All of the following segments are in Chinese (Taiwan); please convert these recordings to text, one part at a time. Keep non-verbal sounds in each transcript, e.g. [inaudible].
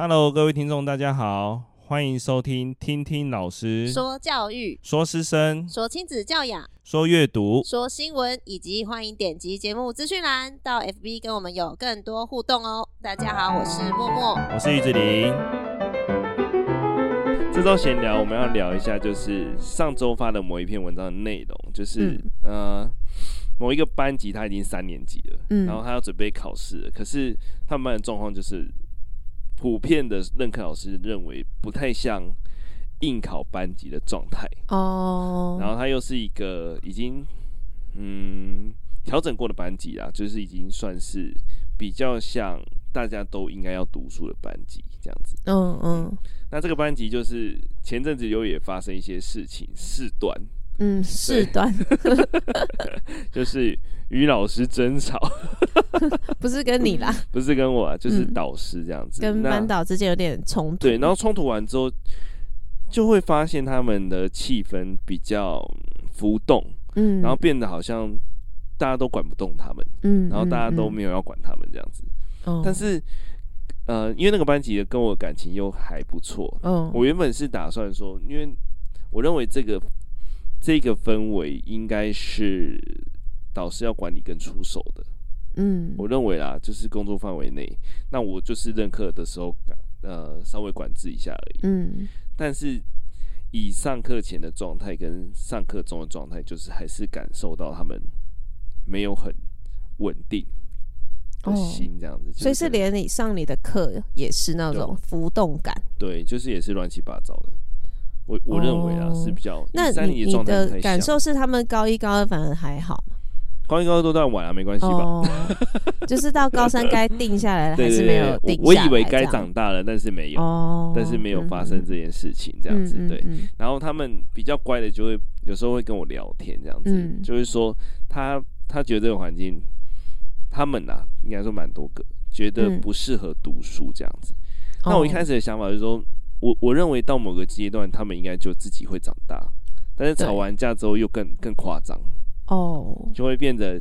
Hello，各位聽眾，大家好，歡迎收聽聽聽老師說教育、說師生、說親子教養、說閱讀、說新聞，以及歡迎點擊節目資訊欄到 FB 跟我們有更多互動哦。大家好，我是莫莫，我是魚子陵。這周閒聊，我們要聊一下，就是上周發的某一篇文章的內容，就是、嗯、呃，某一個班級他已經三年級了，嗯，然後他要準備考試了，可是他們班的狀況就是。普遍的任課老師認為不太像應考班級的狀態哦，oh. 然後他又是一個已經嗯調整過的班級啦，就是已經算是比較像大家都應該要讀書的班級這樣子。嗯嗯，那這個班級就是前陣子又也發生一些事情事端。嗯，事端 [laughs] 就是與老師爭吵 [laughs] ， [laughs] 不是跟你啦 [laughs] ，不是跟我，就是導師這樣子，嗯、跟班導之間有點衝突。對，然後衝突完之後，就會發現他們的氣氛比較浮動，嗯，然後變得好像大家都管不動他們，嗯，然後大家都沒有要管他們這樣子。嗯嗯嗯、但是，呃，因為那個班級跟我感情又還不錯，嗯、哦，我原本是打算說，因為我認為這個。這個氛圍應該是導師要管理跟出手的，嗯，我認為啦，就是工作範圍內，那我就是任課的時候，呃，稍微管制一下而已，嗯。但是以上課前的狀態跟上課中的狀態，就是還是感受到他們沒有很穩定的心這樣子，哦就是，所以是連你上你的課也是那種浮動感，對，就是也是亂七八糟的。我我認為啊、oh, 是比較那三年的狀態感受是他們高一高二反而還好，高一高二都在玩了、啊、沒關係吧？Oh, [laughs] 就是到高三該定下來了 [laughs] 還是沒有定下來我。我以為該長大了，但是沒有，oh, 但是沒有發生這件事情這樣子，um, 對, um, um, 這樣子 um, 對。然後他們比較乖的就會有時候會跟我聊天這樣子，um, 就是說他他覺得這個環境，他們吶、啊、應該說蠻多個覺得不適合讀書這樣子。Um, 那我一開始的想法就是說。我我認為到某個階段，他們應該就自己會長大。但是吵完架之後又更更誇張哦，oh. 就會變得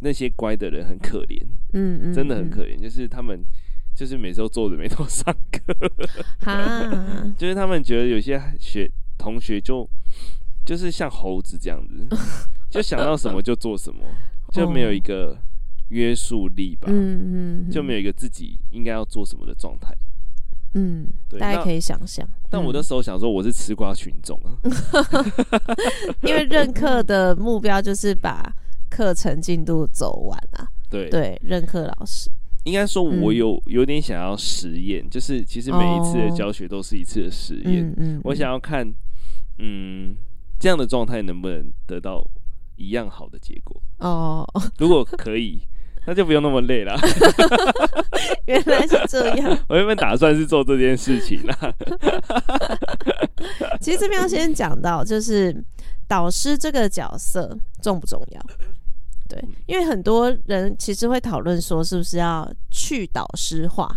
那些乖的人很可憐。嗯嗯，真的很可憐，就是他們就是每周坐着每周上課、 [laughs] huh? 就是他們覺得有些學同學就就是像猴子這樣子， [laughs] 就想到什麼就做什麼， [laughs] 就沒有一個約束力吧。嗯嗯，就沒有一個自己應該要做什麼的狀態。嗯，大家可以想象，但、嗯、我那時候想說我是吃瓜群眾啊、嗯， [laughs] 因為任課的目標就是把課程進度走完啊。 [laughs] 對對，任課老師應該說，我有、嗯、有點想要實驗，就是其實每一次的教學都是一次的實驗、哦嗯嗯，嗯，我想要看，嗯，這樣的狀態能不能得到一樣好的結果？哦，如果可以。 [laughs] 那就不用那麼累了。 [laughs] 原來是這樣。 [laughs] 我原本打算是做這件事情啦、啊。 [laughs] 其實這邊要先講到，就是導師這個角色重不重要？對，因為很多人其實會討論說，是不是要去導師化？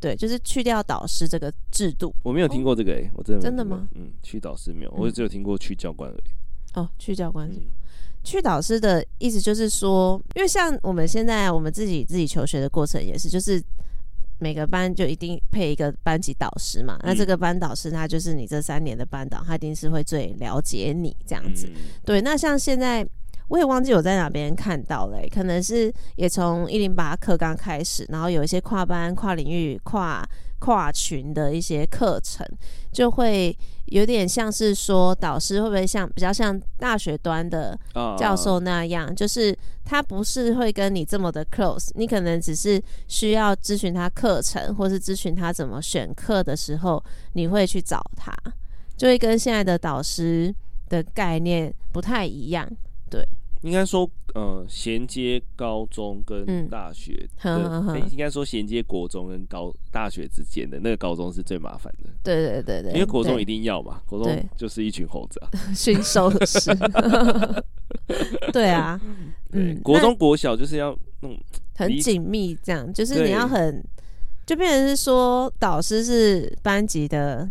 對，就是去掉導師這個制度。我沒有聽過這個、欸，哦、我真的。真的嗎？嗯，去導師沒有、嗯，我只有聽過去教官而已。哦，去教官。嗯去導師的意思就是說，因為像我們現在、啊、我們自己自己求學的過程也是，就是每個班就一定配一個班級導師嘛。那這個班導師他就是你這三年的班導，他一定是會最了解你這樣子。對，那像現在我也忘記我在哪邊看到嘞、欸，可能是也從一零八課剛開始，然後有一些跨班、跨領域、跨。跨群的一些課程，就會有點像是說，導師會不會像比較像大學端的教授那樣，uh. 就是他不是會跟你這麼的 close，你可能只是需要諮詢他課程，或是諮詢他怎麼選課的時候，你會去找他，就會跟現在的導師的概念不太一樣，對。應該說，嗯、呃，銜接高中跟大學，嗯呵呵呵欸、應該說銜接國中跟高大學之間的那個高中是最麻煩的。對對對對。因為國中一定要嘛，國中就是一群猴子啊，馴獸師。對， [laughs] 對啊對，嗯，國中國小就是要弄，嗯、很緊密，這樣就是你要很，就變成是說導師是班級的。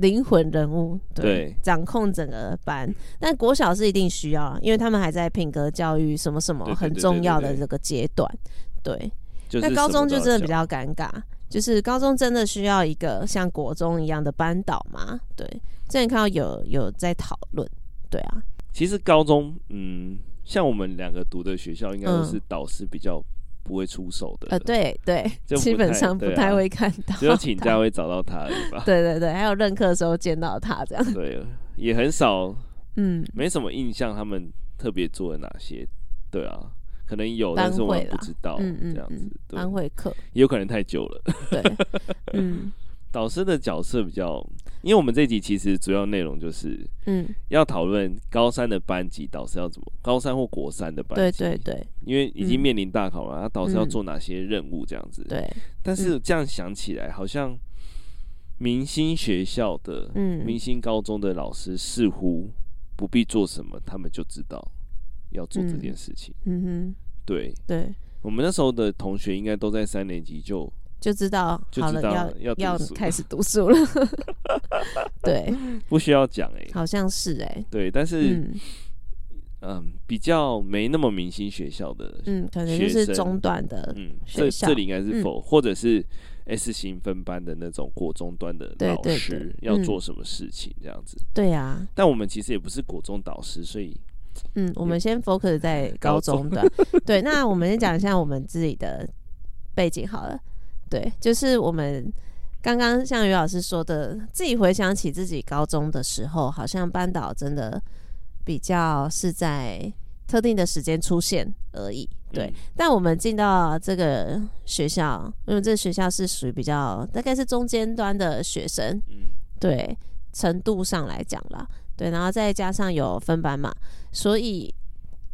靈魂人物對，對，掌控整個班。但國小是一定需要，因為他們還在品格教育什麼什麼很重要的這個階段，對對對對對對、就是。對，那高中就真的比較尷尬，就是高中真的需要一個像國中一樣的班導嘛？對，這樣看到有有在討論，對啊。其實高中，嗯，像我們兩個讀的學校，應該都是導師比較。不會出手的啊、呃，對對就，基本上不太會看到、啊，只有請假會找到他而已吧。 [laughs] 對對對，還有任課的時候見到他這樣，對，也很少，嗯，沒什麼印象，他們特別做了哪些？對啊，可能有，但是我們不知道，嗯，這樣子班會課也有可能太久了， [laughs] 對，嗯， [laughs] 導師的角色比較。因為我們這一集其實主要內容就是，嗯，要討論高三的班級導師要怎麼，高三或國三的班級，對對對，因為已經面臨大考了，他導師要做哪些任務這樣子？對。但是這樣想起來，好像明星學校的，明星高中的老師似乎不必做什麼，他們就知道要做這件事情。嗯哼。對。對，我們那時候的同學，應該都在三年級就。就知道，就知道好了，要要，了要開始讀書了。 [laughs] 對，不需要講哎、欸，好像是哎、欸，對，但是嗯，嗯，比較沒那麼明星學校的學，嗯，可能就是中段的學，嗯，校。這裡應該是否、嗯、或者是 S 型分班的那種國中段的老師，對對對，要做什麼事情這樣子？對、嗯、呀，但我們其實也不是國中導師，所以嗯，我們先 focus 在高中的。中 [laughs] 對，那我們先講一下我們自己的背景好了。對，就是我們剛剛像魚老師說的，自己回想起自己高中的時候，好像班導真的比較是在特定的時間出現而已。對，嗯、但我們進到這個學校，因為這個學校是屬於比較大概是中間端的學生，嗯，對程度上來講啦，對，然後再加上有分班嘛，所以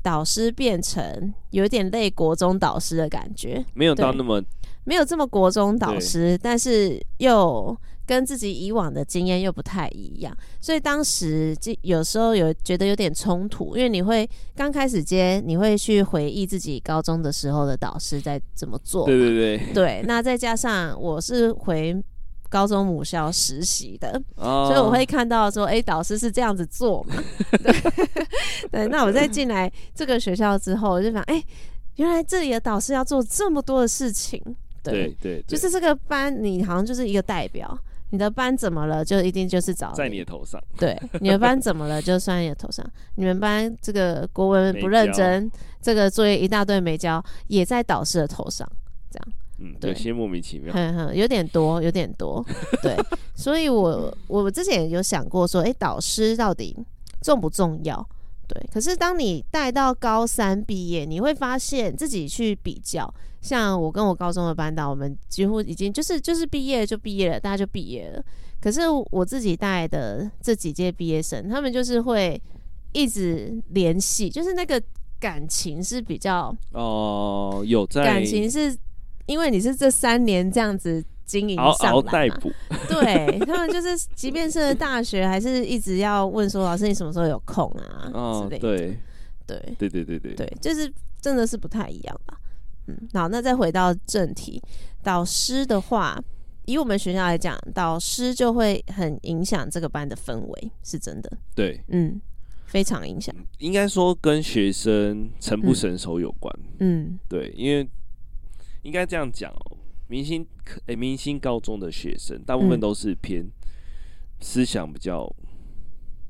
導師變成有點類國中導師的感覺，沒有到那麼。沒有這麼國中導師，但是又跟自己以往的經驗又不太一樣，所以當時就有時候有覺得有點衝突，因為你會剛開始接，你會去回憶自己高中的時候的導師在怎麼做，對對對，對，那再加上我是回高中母校實習的， [laughs] 所以我會看到說，哎，導師是這樣子做嘛？ [laughs] 對， [laughs] 對，那我在進來這個學校之後，我就想，哎，原來這裡的導師要做這麼多的事情。對對，對對，就是這個班，你好像就是一個代表。你的班怎麼了，就一定就是找在你的頭上。對，你們班怎麼了，就算你的頭上。 [laughs] 你們班這個國文不認真，這個作業一大堆沒交，也在導師的頭上。這樣，嗯，對，有些莫名其妙，嗯哼，有點多，有點多。對， [laughs] 所以我我之前有想過說，哎、欸，導師到底重不重要？對，可是當你帶到高三畢業，你會發現自己去比較，像我跟我高中的班導，我們幾乎已經就是就是畢業就畢業了，大家就畢業了。可是我自己帶的這幾屆畢業生，他們就是會一直聯繫，就是那個感情是比較哦、呃，有在感情是，因為你是這三年這樣子。經營上來嘛。對，對 [laughs] 他們就是，即便是大學，還是一直要問說，老師你什麼時候有空啊之、哦、類的。對對對對對對，就是真的是不太一樣吧。嗯，好，那再回到正題，導師的話，以我們學校來講，導師就會很影響這個班的氛圍，是真的。對，嗯，非常影響。應該說跟學生成不成熟有關。嗯，對，因為應該這樣講哦。明星誒、欸，明星高中的學生，大部分都是偏思想比較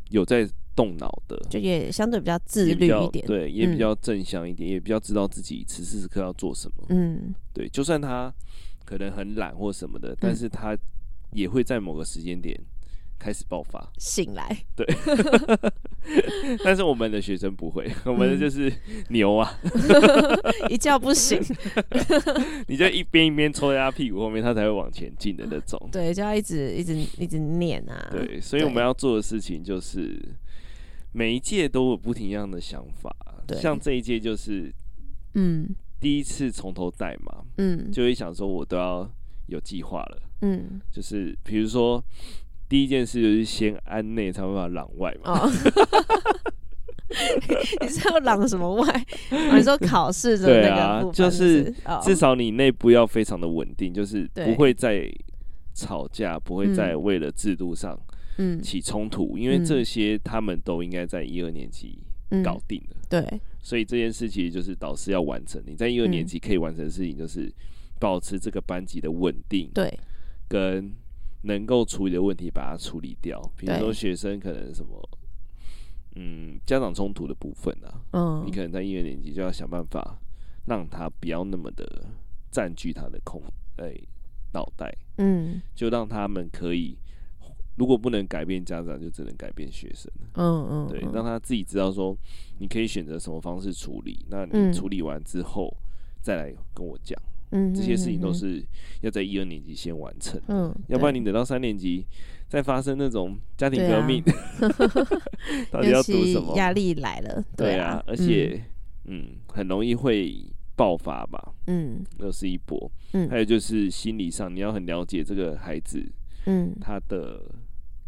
有在動腦的、嗯，就也相對比較自律一點，也比較對，也比較正向一點，嗯、也比較知道自己此時此刻要做什麼。嗯，對，就算他可能很懶或什麼的，但是他也會在某個時間點。開始爆發，醒來。對， [laughs] 但是我們的學生不會，我們的就是牛啊， [laughs] [laughs] 一覺不醒， [laughs] 你就一邊一邊抽在他屁股後面，他才會往前進的那種、啊。對，就要一直一直一直念啊。對，所以我們要做的事情就是，每一屆都有不停一樣的想法。像這一屆就是，嗯，第一次從頭帶嘛，嗯，就會想說我都要有計劃了，嗯，就是比如說。第一件事就是先安內，才辦法攘外嘛。Oh, [laughs] [laughs] 你知道攘什麼外？你說考試，就是？對啊，就是，oh. 至少你內部要非常的穩定，就是不會再吵架，不會再為了制度上起衝突，嗯，因為這些他們都應該在一二年級搞定了。嗯、對，所以這件事其實就是導師要完成。你在一二年級可以完成的事情，就是保持這個班級的穩定。對，跟。能夠處理的問題，把它處理掉。比如說，學生可能什麼，嗯，家長衝突的部分啊，嗯、oh.，你可能在一二年級就要想辦法讓他不要那麼的佔據他的空，哎、欸，腦袋，嗯，就讓他們可以，如果不能改變家長，就只能改變學生，嗯嗯，對，讓他自己知道說，你可以選擇什麼方式處理，那你處理完之後再來跟我講。嗯嗯，這些事情都是要在一二年級先完成，嗯，要不然你等到三年級再發生那種家庭革命，啊、 [laughs] 到底要讀什麼？壓力來了，對啊，對啊，而且嗯，嗯，很容易會爆發吧，嗯，又是一波，嗯，還有就是心理上你要很了解這個孩子，嗯，他的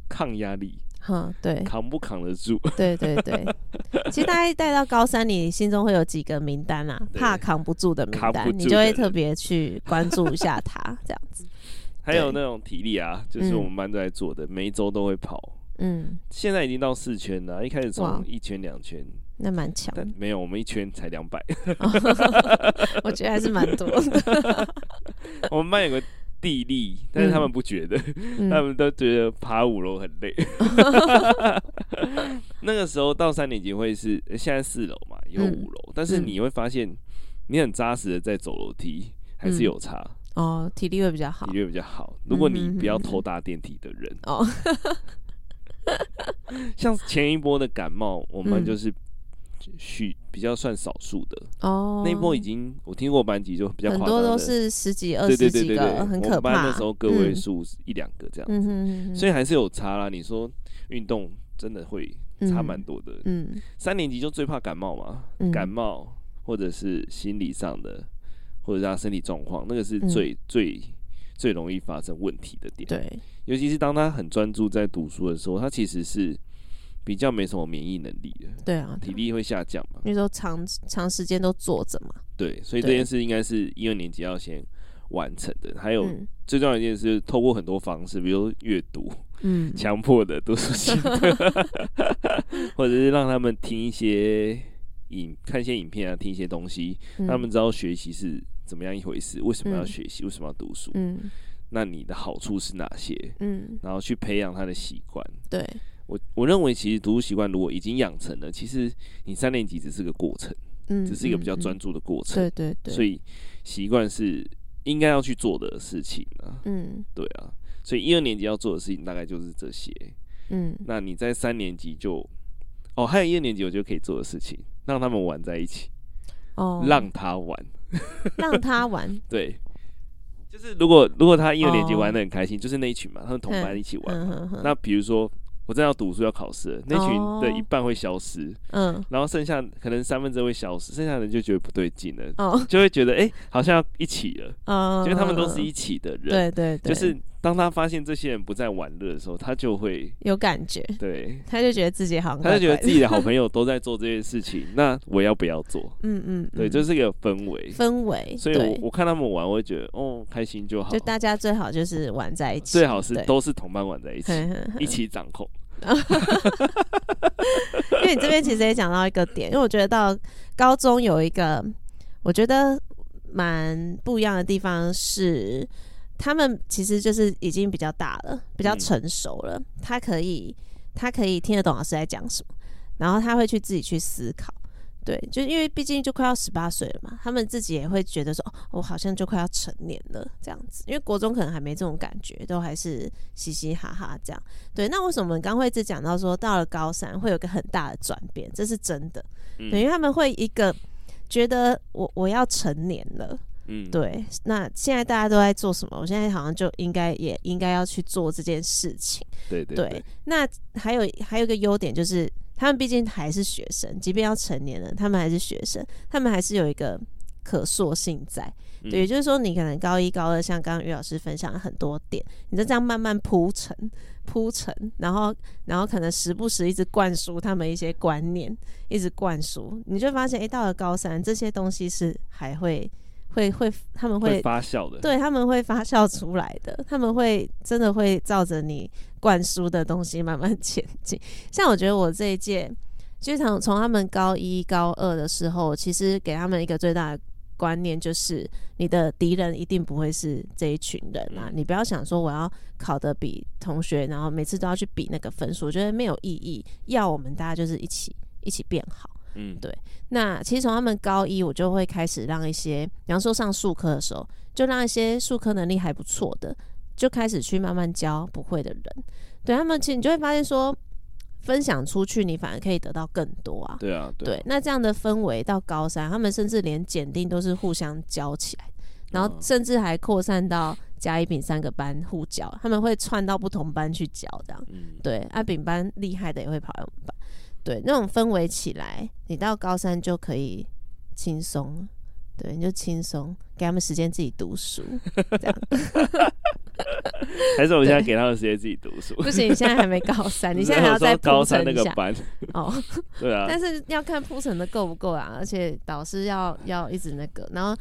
抗壓力。嗯，對，扛不扛得住？對對對， [laughs] 其實大家帶到高三，你心中會有幾個名單啊？對怕，扛不住的名單，你就會特別去關注一下他 [laughs] 這樣子。還有那種體力啊，對嗯、就是我們班都在做的，嗯、每一周都會跑。嗯，現在已經到四圈了，一開始從一圈兩圈，那蠻強的。沒有，我們一圈才兩百。 [laughs] [laughs] 我覺得還是蠻多的。 [laughs] [laughs] 我們班有個。地利，但是他們不覺得，嗯、他們都覺得爬五樓很累。嗯、 [laughs] [laughs] 那個時候到三年級會是現在四樓嘛，有五樓、嗯。但是你會發現，你很扎實的在走樓梯、嗯，還是有差哦，體力會比較好，體力會比較好、嗯哼哼。如果你不要偷搭電梯的人、嗯、哼哼哦， [laughs] [laughs] 像前一波的感冒，我們就是。許比較算少數的哦，oh, 那一波已經我聽過班級就比較誇張，很多都是十幾二十幾個，對對對對對，很可怕。我班那時候個位數一兩個這樣子、嗯，所以還是有差啦。你說運動真的會差蠻多的嗯，嗯，三年級就最怕感冒嘛，嗯、感冒或者是心理上的，或者是他身體狀況，那個是最、嗯、最最容易發生問題的點。對，尤其是當他很專注在讀書的時候，他其實是。比較沒什麼免疫能力的，對啊，體力會下降嘛。因為說長長時間都坐着嘛，對，所以這件事應該是一二年級要先完成的。還有、嗯、最重要的一件事，透過很多方式，比如閱讀，嗯，強迫的讀書， [laughs] 或者是讓他們聽一些影看一些影片啊，聽一些東西，嗯、他們知道學習是怎麼樣一回事，為什麼要學習、嗯，為什麼要讀書，嗯，那你的好處是哪些？嗯，然後去培養他的習慣，對。我我認為其實讀書習慣如果已經養成了，其實你三年級只是個過程，嗯、只是一個比較專注的過程、嗯嗯嗯，對對對，所以習慣是應該要去做的事情啊，嗯，對啊，所以一二年級要做的事情大概就是這些，嗯，那你在三年級就哦，還有一二年級我就可以做的事情，讓他們玩在一起，哦，讓他玩，讓他玩， [laughs] 讓他玩，對，就是如果如果他一二年級玩得很開心，哦、就是那一群嘛，他們同班一起玩呵呵，那比如說。我正要讀書，要考試，那群的一半會消失，哦，嗯，然後剩下可能三分之一會消失，剩下人就覺得不對勁了，哦，就會覺得哎，欸，好像要一起了，哦，因為他們都是一起的人，對對對，就是當他發現這些人不再玩樂的時候，他就會有感覺，對，他就覺得自己好，他就覺得自己的好朋友都在做這件事情， [laughs] 那我要不要做？嗯嗯，對，這，就是一個氛圍，氛圍，所以我，我看他們玩，我會覺得哦，開心就好，就大家最好就是玩在一起，最好是都是同班玩在一起，對 [laughs] 一起掌控。哈哈哈哈哈！哈，因為你這邊其實也講到一個點，因為我覺得到高中有一個我覺得蠻不一樣的地方是，他們其實就是已經比較大了，比較成熟了，他可以他可以聽得懂老師在講什麼，然後他會去自己去思考。對，就是因為畢竟就快要十八歲了嘛，他們自己也會覺得說，哦，我好像就快要成年了這樣子。因為國中可能還沒這種感覺，都還是嘻嘻哈哈這樣。對，那為什麼我們剛會一直講到說，到了高三會有一個很大的轉變，這是真的。嗯。等於他們會一個覺得我我要成年了。嗯。對，那現在大家都在做什麼？我現在好像就應該也應該要去做這件事情。對對。對，那還有還有一個優點就是。他們畢竟還是學生，即便要成年了，他們還是學生，他們還是有一個可塑性在。對，也就是說，你可能高一、高二，像剛剛魚老師分享了很多點，你就這樣慢慢鋪陳、鋪陳，然後，然後可能時不時一直灌輸他們一些觀念，一直灌輸，你就發現，哎、欸，到了高三，這些東西是還會。會會，他們會，會發酵的，對，他們會發酵出來的，他們會真的會照着你灌輸的東西慢慢前進。像我覺得我這一屆，經常從他們高一高二的時候，其實給他們一個最大的觀念就是，你的敵人一定不會是這一群人啊！你不要想說我要考得比同學，然後每次都要去比那個分數，我覺得沒有意義。要我們大家就是一起一起變好。嗯，對。那其實從他們高一，我就會開始讓一些，比方說上術科的時候，就讓一些術科能力還不錯的，就開始去慢慢教不會的人。對他們，其實你就會發現說，分享出去，你反而可以得到更多啊。對啊，對，啊對。那這樣的氛圍到高三，他們甚至連檢定都是互相教起來，然後甚至還擴散到甲、乙、丙三個班互教，他們會串到不同班去教，這樣、嗯。對，啊丙班厲害的也會跑乙班。對，那種氛圍起來，你到高三就可以輕鬆，對，你就輕鬆，給他們時間自己讀書， [laughs] 這樣子。 [laughs] 還是我們現在給他們時間自己讀書？ [laughs] 不行，你現在還沒高三， [laughs] 你現在還要在高三那個班。 [laughs] 哦，對啊，但是要看鋪陳的夠不夠啊，而且導師要要一直那個，然後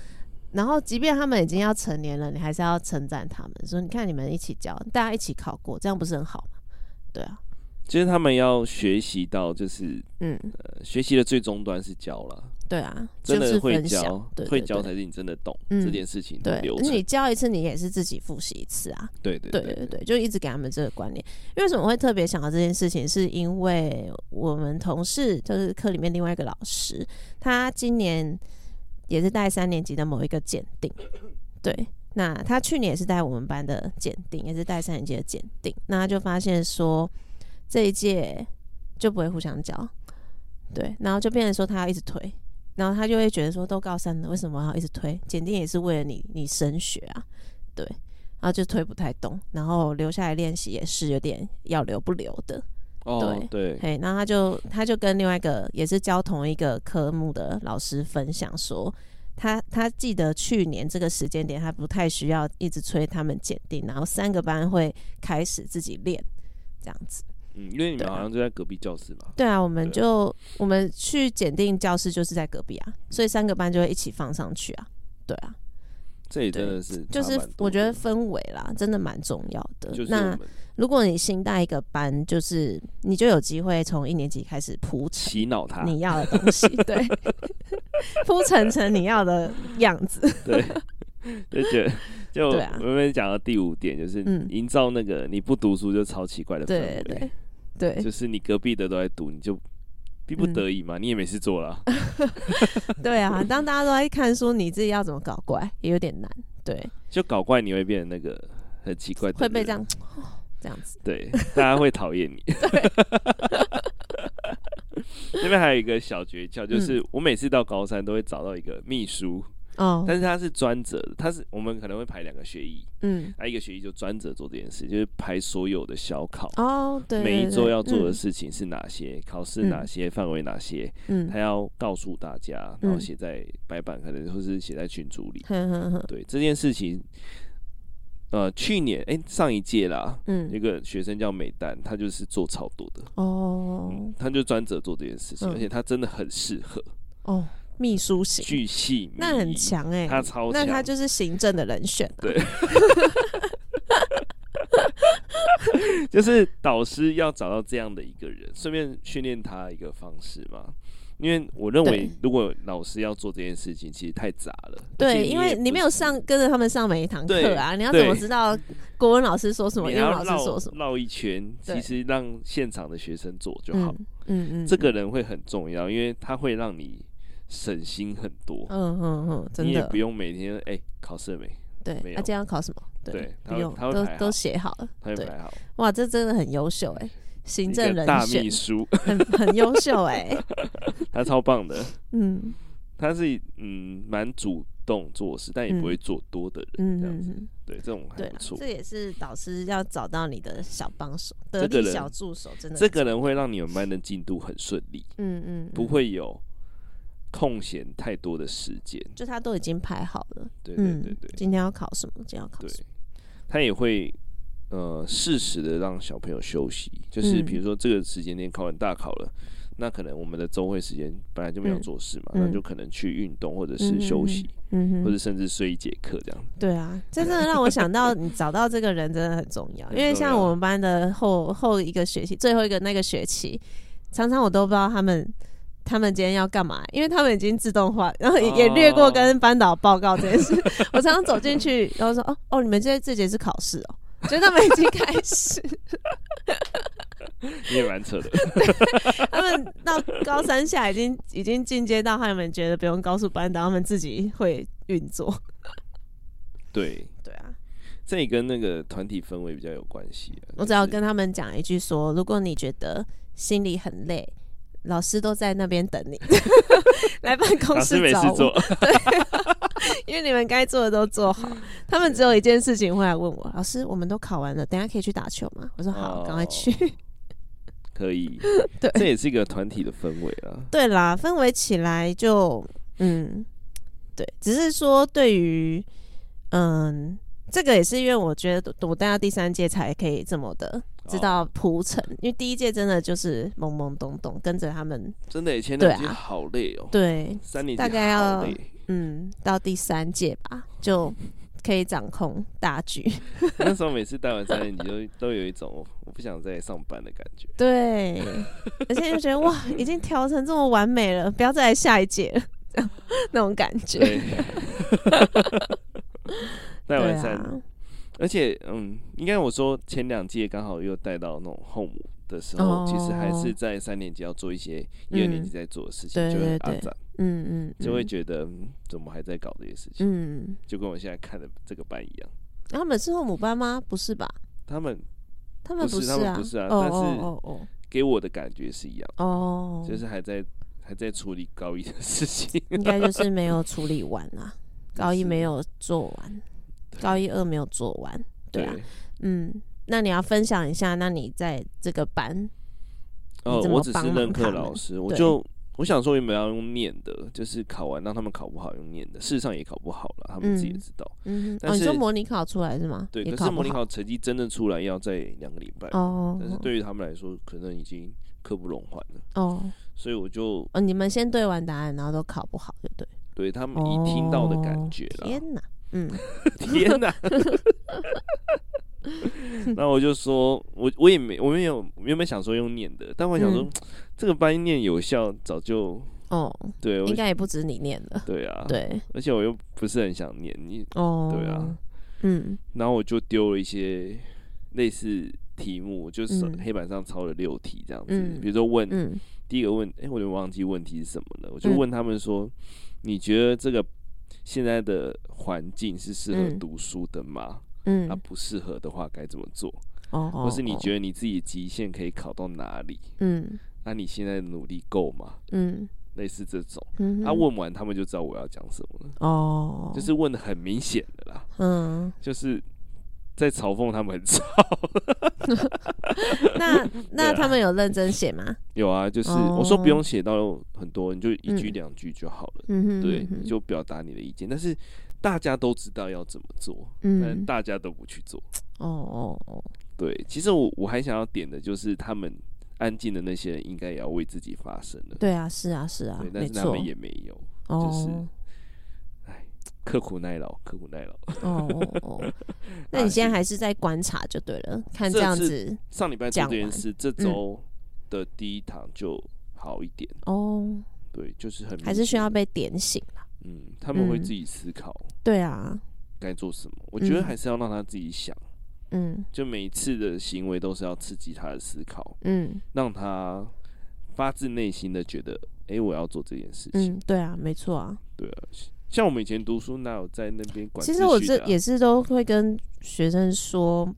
然後即便他們已經要成年了，你還是要稱讚他們，說你看你們一起教，大家一起考過，這樣不是很好嗎？對啊。就是他們要學習到，就是嗯，呃、學習的最終端是教了，對啊，真的會教、就是對對對，會教才是你真的懂這件事情、嗯。對，你教一次，你也是自己複習一次啊。對對對對對,對對對，就一直給他們這個觀念。為什麼會特別想到這件事情？是因為我們同事就是課裡面另外一個老師，他今年也是帶三年級的某一個檢定， [coughs] 對。那他去年也是帶我們班的檢定，也是帶三年級的檢定，那他就發現說。這一屆就不會互相教，對，然後就變成說他要一直推，然後他就會覺得說都高三了，為什麼要一直推？檢定也是為了你，你升學啊，對，然後就推不太動，然後留下來練習也是有點要留不留的，對、哦、對，嘿，然後他就他就跟另外一個也是教同一個科目的老師分享說，他他記得去年這個時間點，他不太需要一直催他們檢定，然後三個班會開始自己練，這樣子。嗯，因為你們好像就在隔壁教室嘛。對啊，對啊我們就、啊、我們去檢定教室就是在隔壁啊，所以三個班就會一起放上去啊。對啊，這也真的是的就是我覺得氛圍啦，真的蠻重要的、就是。那如果你新帶一個班，就是你就有機會從一年級開始鋪洗腦他你要的東西， [laughs] 對，鋪成成你要的樣子。對，而 [laughs] 且就,就對、啊、我們講的第五點就是營造那個你不讀書就超奇怪的氛圍。對對對對，就是你隔壁的都在讀，你就逼不得已嘛，嗯、你也沒事做了。 [laughs] 對啊，當大家都在看書，你自己要怎麼搞怪，也有點難。對，就搞怪你會變成那個很奇怪的、那個，會被這樣這樣子。對，大家會討厭你。 [laughs] 對 [laughs] [laughs] 那邊還有一個小訣竅，就是我每次到高三都會找到一個秘書。Oh, 但是他是專責的，他是我們可能會排兩個學藝嗯，他、啊、一個學藝就專責做這件事，就是排所有的小考哦，oh, 對，每一周要做的事情是哪些，嗯、考試哪些範圍、嗯、哪些，嗯，他要告訴大家，然後寫在白板，可、嗯、能或是寫在群組裡，呵呵呵對這件事情，呃，去年哎、欸、上一屆啦，嗯，一個學生叫美丹，他就是做超多的哦、oh, 嗯，他就專責做這件事情，嗯、而且他真的很適合哦。Oh. 秘書型，那很強哎、欸，他超強，那他就是行政的人選、啊。對， [laughs] [laughs] 就是導師要找到這樣的一個人，順便訓練他一個方式嘛。因為我認為，如果老師要做這件事情，其實太雜了。對，因為你沒有上跟着他們上每一堂課啊，你要怎麼知道國文老師說什麼？英文老師說什麼？繞一圈，其實讓現場的學生做就好。嗯嗯，嗯，這個人會很重要，因為他會讓你。省心很多，嗯嗯嗯，真的不用每天哎、欸、考試沒對，今天、啊、要考什麼？對，對他用，他會都都寫好了，他會排好。哇，這真的很優秀哎，行政人大秘書， [laughs] 很很優秀哎， [laughs] 他超棒的。嗯，他是嗯，蠻主動做事，但也不會做多的人。這樣子、嗯、對，這種還不錯。這也是導師要找到你的小幫手、這個、人得力小助手，真的，的，這個人會讓你們班的進度很順利。嗯，嗯嗯，不會有。空閒太多的時間，就他都已經排好了。對、嗯、對對對，今天要考什麼？今天要考什麼？對，他也會呃適時的讓小朋友休息，就是比如說這個時間點考完大考了、嗯，那可能我們的周會時間本來就沒有做事嘛，嗯、那就可能去運動或者是休息，嗯、或者甚至睡一節課這樣,、嗯嗯嗯嗯這樣。對啊，真的讓我想到，你找到這個人真的很重要， [laughs] 很重要。因為像我們班的後後一個學期，最後一個那個學期，常常我都不知道他們。他們今天要幹嘛？因為他們已經自動化，然後也略過跟班導報告這件事。哦、 [laughs] 我常常走進去，然後說：“哦哦，你們今天這節是考試哦。”覺得他們已經開始 [laughs] 。你也蠻蠻扯的。 [laughs] 他們到高三下已經已經進階到他們覺得不用告訴班導，他們自己會運作 [laughs] 。對。對啊，這也跟那個團體氛圍比較有關係、啊。我只要跟他們講一句說：“如果你覺得心裡很累。”老師都在那邊等你 [laughs] [laughs] 來辦公室找我 [laughs] 。 [laughs] 因為你們該做的都做好，他們只有一件事情會來問我：老師，我們都考完了，等下可以去打球嗎？我說好，趕快去、哦。 [laughs] 可以，對，這也是一個團體的氛圍啊。對啦，氛圍起來就嗯，對，只是說對於嗯。這個也是因為我覺得我帶到第三屆才可以這麼的知道鋪陳、哦，因為第一屆真的就是懵懵懂懂跟着他們。真的以前兩屆、啊、好累哦、喔。對，三年大概要嗯到第三屆吧，就可以掌控大局。 [laughs] [laughs] 那時候每次帶完三年就都， [laughs] 都有一種我不想再上班的感覺。對， [laughs] 而且就覺得哇，已經調成這麼完美了，不要再來下一屆了， [laughs] 那種感覺。對 [laughs] 帶完了，而且嗯，應該我說前兩屆剛好又帶到那種後母的時候，oh, 其實還是在三年級要做一些一二年級在做的事情，嗯、就會阿嗯嗯，就會覺得怎麼還在搞這些事情，嗯嗯，就跟我現在看的這個班一樣。他們是後母班嗎？不是吧？他們，他們不是、啊、他們不是啊，但是哦哦、oh, oh, oh, oh. 給我的感覺是一樣哦，oh, oh, oh. 就是還在還在處理高一的事情，應該就是沒有處理完啊。 [laughs] 高一沒有做完，高一、二沒有做完對，對啊，嗯，那你要分享一下，那你在這個班，哦，我只是任課老師，我就我想說有沒有要用念的，就是考完讓他們考不好用念的，事實上也考不好了，他們自己知道，嗯，但是、哦、你說模擬考出來是嗎？對，可是模擬考成績真的出來要在兩個禮拜，哦，但是對於他們來說，可能已經刻不容緩了，哦，所以我就、哦，你們先對完答案，然後都考不好就對。對，他們一聽到的感覺了、哦，天哪，嗯， [laughs] 天哪，那 [laughs] [laughs] 我就說，我我也沒我沒有，我原本想說用念的，但我想說、嗯、這個班念有效，早就哦，對，應該也不止你念了，對啊，對，而且我又不是很想念你，哦，對啊，嗯，然後我就丟了一些類似題目，就是黑板上抄了六題這樣子、嗯，比如說問。嗯第一個問，誒、欸，我有忘記問題是什麼呢、嗯？我就問他們說：“你覺得這個現在的環境是適合讀書的嗎？嗯，嗯啊，不適合的話該怎麼做？哦，或是你覺得你自己極限可以考到哪裡？嗯、哦，那、哦啊、你現在努力夠嗎？嗯，類似這種，他、嗯嗯啊、問完他們就知道我要講什麼了。哦，就是問得很明顯的啦。嗯，就是。在嘲諷他們很吵， [laughs] 那那他們有認真寫嗎、啊？有啊，就是、oh. 我說不用寫到很多，你就一句兩句就好了，mm. 對，mm -hmm. 你就表達你的意見。但是大家都知道要怎麼做，但、mm. 大家都不去做。哦哦哦，對，其實我我還想要點的就是，他們安靜的那些人應該也要為自己發聲的。對啊，是啊，是啊，對，但是他們也沒有，oh. 就是。刻苦耐勞，刻苦耐勞。哦哦哦，那你現在還是在觀察就對了， [laughs] 啊、看這樣子。這上禮拜講這件事，嗯、這週的第一堂就好一點哦、嗯。對，就是很明還是需要被點醒了。嗯，他們會自己思考。對、嗯、啊，該做什麼、啊？我覺得還是要讓他自己想。嗯，就每一次的行為都是要刺激他的思考。嗯，讓他發自內心的覺得，哎、欸，我要做這件事情。嗯，對啊，沒錯啊。對啊。像我們以前讀書，哪有在那邊管秩序的啊？其實我這也是都會跟學生說，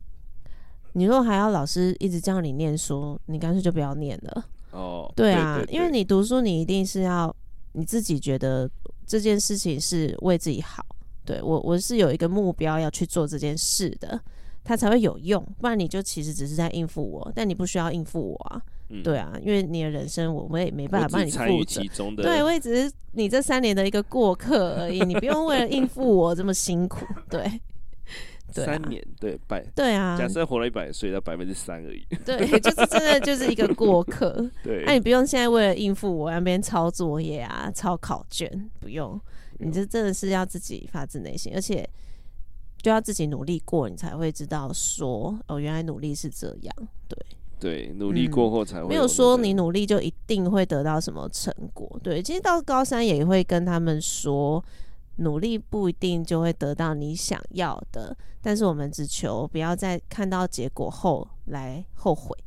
你如果還要老師一直叫你念書，你乾脆就不要念了。哦，對啊，對對對，因為你讀書，你一定是要你自己覺得這件事情是為自己好。對我，我是有一個目標要去做這件事的，它才會有用。不然你就其實只是在應付我，但你不需要應付我啊。嗯、對啊，因為你的人生，我們也沒辦法幫你參與其中的。對，我也只是你這三年的一個過客而已， [laughs] 你不用為了應付我這麼辛苦。對，對啊，三年對百對啊，假設活了一百歲，那百分之三而已。對，就是真的就是一個過客。 [laughs] 對，那、啊、你不用現在為了應付我那邊抄作業啊、抄考卷，不用。你這真的是要自己發自內心，而且就要自己努力過，你才會知道說哦，原來努力是這樣。對。對，努力過後才會有、那個嗯、沒有說你努力就一定會得到什麼成果。對，其實到高三也會跟他們說，努力不一定就會得到你想要的，但是我們只求不要在看到結果後來後悔，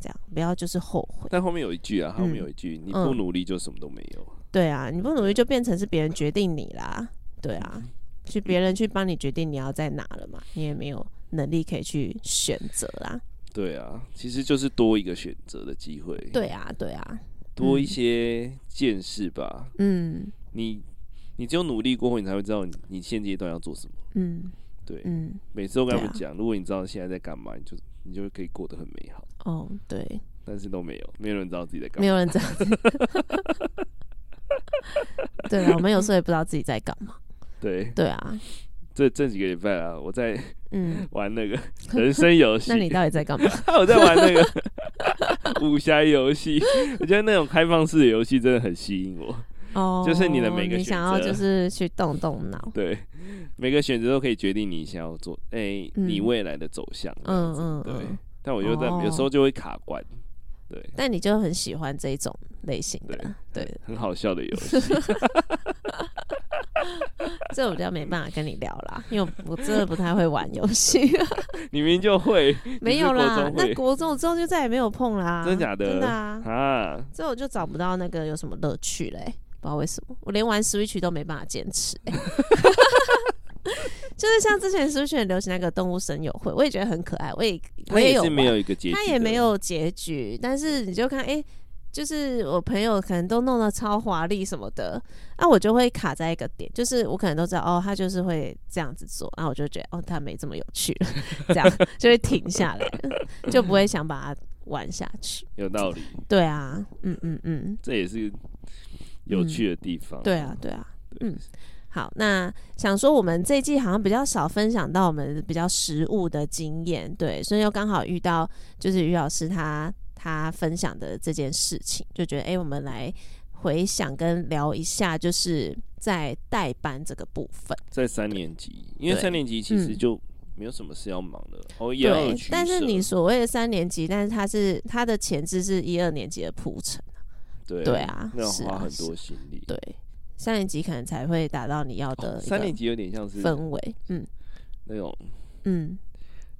這樣不要就是後悔。但後面有一句啊，後面有一句，嗯、你不努力就什麼都沒有、嗯。對啊，你不努力就變成是別人決定你啦。對啊，去別人去幫你決定你要在哪了嘛，你也沒有能力可以去選擇啦。對啊，其實就是多一個選擇的機會。對啊，對啊、嗯，多一些見識吧。嗯，你，你只有努力過後，你才會知道你，你現階段要做什麼。嗯，對，嗯，每次都跟他們講、啊，如果你知道現在在幹嘛，你就你就可以過得很美好。哦，對。但是都沒有，沒有人知道自己在幹嘛。沒有人知道。 [laughs] [laughs] [laughs] 對啊，我們有時候也不知道自己在幹嘛。對。對啊。這這幾個禮拜啊，我在、嗯、玩那個人生遊戲呵呵。那你到底在幹嘛？我在玩那個 [laughs] 武俠遊戲。 [laughs] 我覺得那種開放式的遊戲真的很吸引我。哦，就是你的每個選擇你想要就是去動動腦。對，每個選擇都可以決定你想要做哎、欸嗯、你未來的走向。嗯嗯，嗯。對。但我覺得、哦、有時候就會卡關。對，但你就很喜歡這種類型的，對，對很好笑的遊戲。 [laughs] [laughs] 這我比較沒辦法跟你聊啦，因為我真的不太會玩遊戲。 [laughs] [laughs] 你明明就會， [laughs] 會，沒有啦，那國中之後就再也沒有碰啦，真假的，真的啊。這、啊、我就找不到那個有什麼樂趣嘞、欸，不知道為什麼，我連玩 Switch 都沒辦法堅持、欸。 [laughs] [laughs] [laughs] 就是像之前是不是很流行那個動物森友會？我也覺得很可愛。我也我也有，沒有一個結局，他也沒有結局。但是你就看，哎、欸，就是我朋友可能都弄得超華麗什麼的，那、啊、我就會卡在一個點。就是我可能都知道，哦，他就是會這樣子做，那、啊、我就覺得，哦，他沒這麼有趣， [laughs] 這樣就會停下來， [laughs] 就不會想把它玩下去。有道理。對啊，嗯嗯嗯，這也是有趣的地方。嗯、對啊，對啊，對嗯。好，那想說我們這一季好像比較少分享到我們比較實務的經驗，對，所以又剛好遇到就是於老師他他分享的這件事情，就覺得哎、欸，我們來回想跟聊一下，就是在代班這個部分，在三年級，因為三年級其實就沒有什麼事要忙的了。哦，對、嗯 oh yeah, 對有，但是你所謂的三年級，但是它是它的前置是一二年級的鋪陳，對對啊，對啊啊，那要花很多心力、啊啊，對。三年級可能才會達到你要的、哦、三年級，有點像是氛圍，嗯，那種，嗯，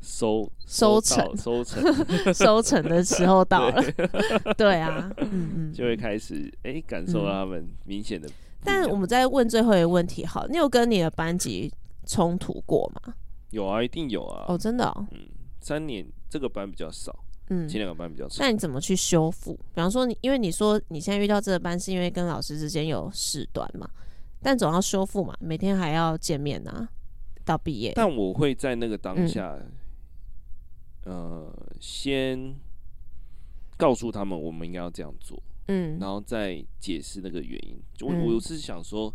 收收成收，收成 [laughs] 收成的時候到了，對， [laughs] 對啊，嗯嗯，就會開始哎、欸，感受到他們明顯的、嗯。但我們再問最後一個問題，好，你有跟你的班級衝突過嗎？有啊，一定有啊。哦，真的、哦，嗯，三年這個班比較少。嗯，前兩個班比較少。那你怎麼去修復？比方說你，你因為你說你現在遇到這個班是因為跟老師之間有事端嘛，但總要修復嘛，每天還要見面吶、啊，到畢業。但我會在那個當下、嗯，呃，先告訴他們，我們應該要這樣做，嗯，然後再解釋那個原因。嗯、我我是想說，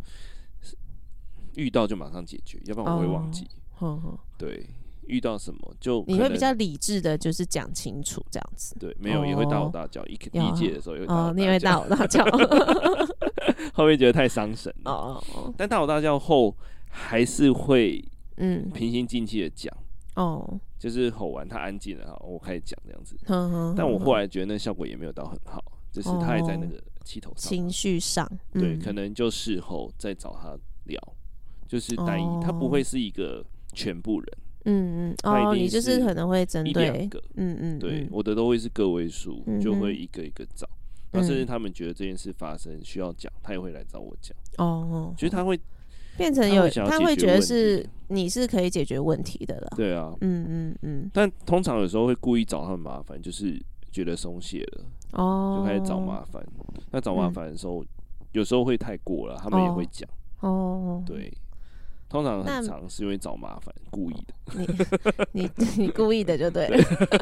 遇到就馬上解決，要不然我會忘記。嗯、哦、嗯，對。哦對遇到什麼就你會比較理智的，就是講清楚這樣子。對，沒有、哦、也會大吼大叫，一第一屆的時候也會哦，你會大吼大叫，哦、大叫 [laughs] 後面覺得太傷神了哦哦哦。但大吼大叫後還是會嗯平心靜氣的講哦、嗯，就是吼完他安靜了，嗯、我開始講這樣子、哦。但我後來覺得那效果也沒有到很好，哦、就是他還在那個氣頭上，情緒上對、嗯，可能就事後再找他聊，嗯、就是單一、哦，他不會是一個全部人。嗯嗯，哦，你就是可能會針對一兩個，對嗯嗯，對，我的都會是個位數、嗯嗯，就會一個一個找。那、嗯、甚至他們覺得這件事發生需要講，他也會來找我講。哦、嗯，其實他會變成有他想，他會覺得是你是可以解決問題的了。對啊，嗯嗯嗯。但通常有時候會故意找他們麻煩，就是覺得鬆懈了，哦，就開始找麻煩、嗯。那找麻煩的時候、嗯，有時候會太過了，他們也會講。哦，對。.通常很長是因為找麻煩，故意的。你你，你故意的就對了，對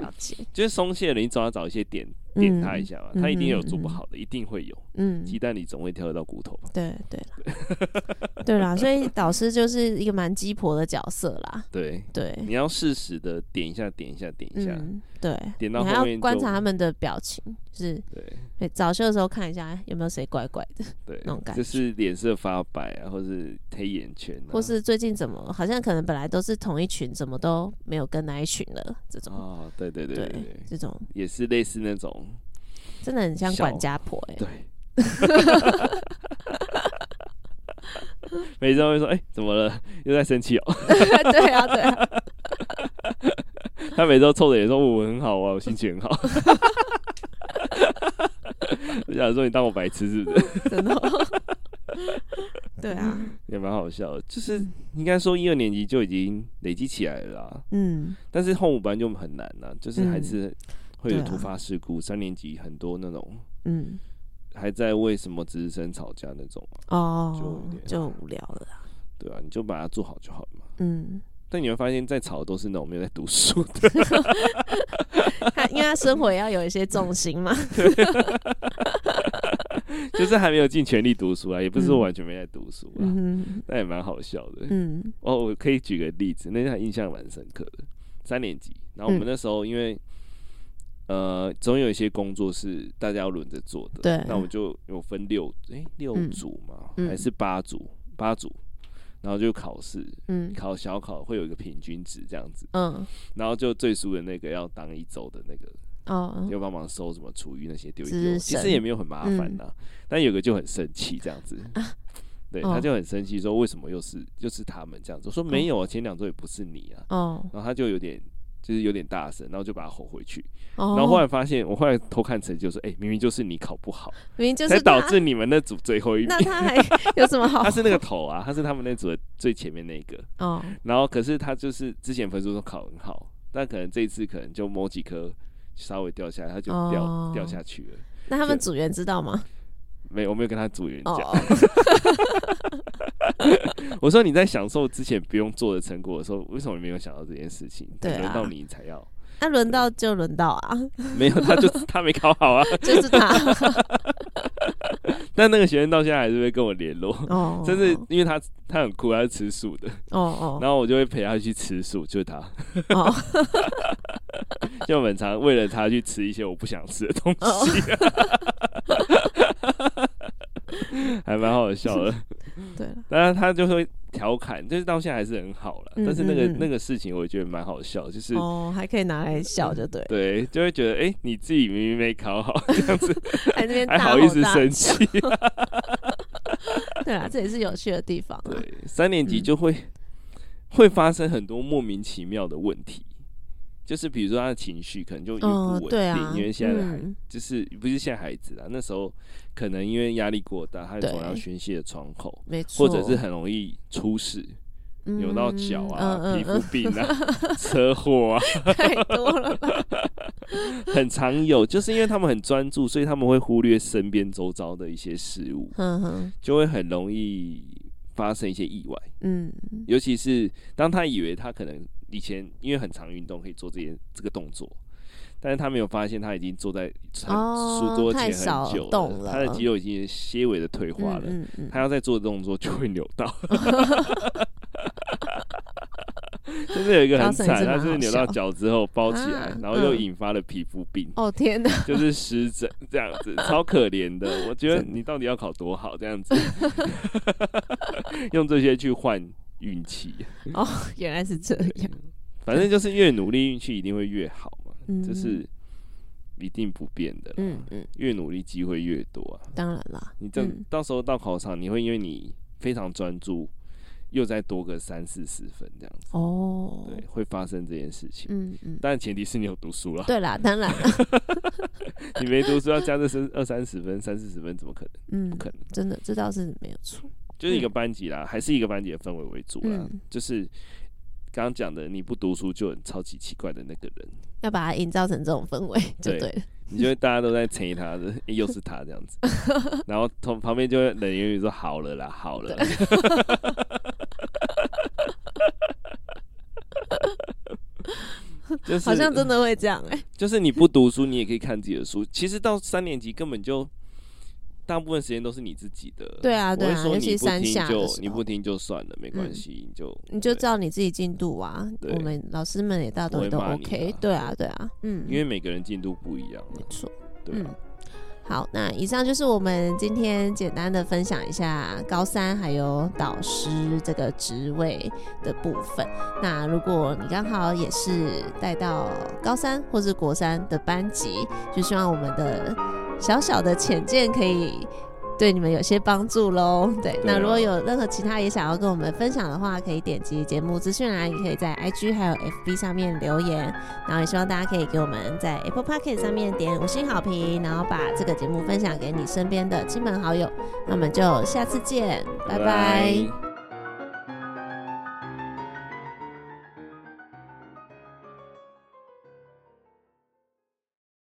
[laughs] 了解。就是鬆懈了，你總要找一些點。點他一下吧，嗯，他一定有做不好的，嗯嗯嗯，一定會有。嗯，雞蛋裡總會挑得到，骨頭對對對。對啦，對， [laughs] 對啦，所以導師就是一個蠻雞婆的角色啦。對對，你要適時的點一下，點一下，點一下。對，點到後面。你還要觀察他們的表情，就是對。早修的時候看一下有沒有誰怪怪的，對，那種感覺就是臉色發白啊，或是黑眼圈，啊，或是最近怎麼好像可能本來都是同一群，怎麼都沒有跟那一群了，這種。哦，對對對對，對，對，這種也是類似那種。真的很像管家婆哎、欸，對， [laughs] 每周會說哎、欸，怎麼了？又在生氣哦？ [laughs] [laughs] 對啊，對啊。他每周臭著臉說：“我很好啊，我心情很好。 [laughs] ” [laughs] 我想說：“你當我白痴是不是 [laughs] ？”真的、哦。 [laughs] 對啊，也蠻好笑的。就是應該說，一二年級就已經累積起來了啦。嗯，但是後五班就很難了，就是還是、嗯。會有突發事故、啊，三年級很多那種，嗯，還在為什麼值日生吵架那種、啊，哦、嗯，就就無聊了啦，對啊，你就把它做好就好了嘛。嗯，但你會發現，在吵都是那種沒有在讀書的，他 [laughs] 因為他生活也要有一些重心嘛， [laughs] [laughs] 就是還沒有盡全力讀書啊，也不是說完全沒在讀書啊，嗯，那也蠻好笑的。嗯，哦，我可以舉個例子，那下、個、印象蠻深刻的，三年級，然後我們那時候因為、嗯。呃，總有一些工作是大家要輪着做的。對。那我就有分六哎、欸、六組嘛、嗯，還是八組？八組，然後就考試，嗯，考小考會有一個平均值這樣子。嗯。然後就最熟的那個要當一周的那個哦，要幫忙收什麼廚餘那些丟一丟，其實也沒有很麻煩啦、啊嗯，但有個就很生氣這樣子，啊、對、哦，他就很生氣說：“為什麼又是又、就是他們這樣子？”我說：“沒有啊，哦、前兩周也不是你啊。”哦。然後他就有點。就是有點大聲，然後就把他吼回去，oh. 然後後來發現，我後來偷看成績就說，哎、欸，明明就是你考不好，明明就是才導致你們那組最後一名。那他還有什麼好？ [laughs] 他是那個頭啊，他是他們那組的最前面那一個。哦、oh.。然後，可是他就是之前分數都考很好，但可能這一次可能就某幾科稍微掉下來，他就掉、oh. 掉下去了。那他們組員知道嗎？ [laughs] 沒，我沒有跟他組員講。Oh. [laughs] 我說你在享受之前不用做的成果的時候，為什麼沒有想到這件事情？對、啊、輪到你才要。那、啊、輪到就輪到啊。沒有，他就 [laughs] 他沒考好啊。就是他。 [laughs] 但那個學生到現在還是會跟我聯絡。哦、oh.。甚至因為他他很酷，他是吃素的。哦哦。然後我就會陪他去吃素，就是他。哦、 [laughs] oh.。就很常為了他去吃一些我不想吃的東西。Oh. [laughs] 還蠻好笑的，對。當然，他就會調侃，就是到現在還是很好了。但是那個嗯嗯那個事情，我覺得蠻好笑的，就是哦，還可以拿來笑，就對、嗯。對，就會覺得哎、欸，你自己明明沒考好 [laughs] 這樣子，還那邊還好意思生氣、啊， [laughs] 對，啊，這也是有趣的地方、啊。對，三年級就會、嗯、會發生很多莫名其妙的問題。就是比如說，他的情緒可能就愈不穩定、哦啊，因為現在的孩子就是、嗯、不是現在孩子啊，那時候可能因為壓力過大，他有想要宣洩的窗口，或者是很容易出事，嗯、扭到腳啊、呃呃呃皮膚病啊、 [laughs] 車禍啊，太多了， [laughs] 很常有。就是因為他們很專注，所以他們會忽略身邊周遭的一些事物呵呵、嗯，就會很容易發生一些意外，嗯、尤其是當他以為他可能。以前因為很常運動可以做這些這個動作，但是他沒有發現他已經坐在書桌、oh, 前很久了，太少了，他的肌肉已經些微的退化了，嗯嗯嗯他要再做動作就會扭到。就 [laughs] [laughs] [laughs] 是有一個很慘，他是扭到腳之後包起來、啊，然後又引發了皮膚病。哦天吶，就是濕疹這樣子， [laughs] 超可憐的。我覺得你到底要考多好這樣子， [laughs] 用這些去換。運氣哦，原來是這樣。 [laughs] 反正就是越努力，運氣一定會越好嘛，嗯，就是一定不變的。嗯嗯，越努力機會越多啊。當然啦，你等、嗯、到時候到考場，你會因為你非常專注，嗯，又再多個三四十分這樣子。哦，對，會發生這件事情。嗯嗯，但前提是你有讀書了，嗯。對啦，當然。 [laughs] [laughs] 你沒讀書要加這三、二三十分 [laughs] 三四十分怎麼可能？嗯，不可能。真的，這倒是沒有錯。就是一個班級啦、嗯，還是一個班級的氛圍為主啦。嗯、就是剛剛講的，你不讀書就很超級奇怪的那個人，要把它營造成這種氛圍就對了。對 [laughs] 你覺得大家都在吹他，的， [laughs] 又是他這樣子，然後旁邊就會冷言冷語說：“好了啦，好了。”就是好像真的會這樣哎、欸。就是你不讀書，你也可以看自己的書。其實到三年級根本就。大部分時間都是你自己的。對啊，對啊，尤其三下，你不聽就算了，沒關係，嗯，你就你就照你自己進度啊。我們老師們也大多都，都 OK 啊。對啊，對啊，嗯。因為每個人進度不一樣。沒錯。對啊，嗯，好，那以上就是我們今天簡單的分享一下高三還有導師這個職位的部分。那如果你剛好也是帶到高三或是國三的班級，就希望我們的。小小的淺見可以對你們有些幫助嘍。對，那如果有任何其他也想要跟我們分享的話，可以點擊節目資訊欄，也可以在 I G 還有 F B 上面留言。然後也希望大家可以給我們在 Apple Podcast 上面點五星好評，然後把這個節目分享給你身邊的親朋好友。那我們就下次見，拜拜。拜拜。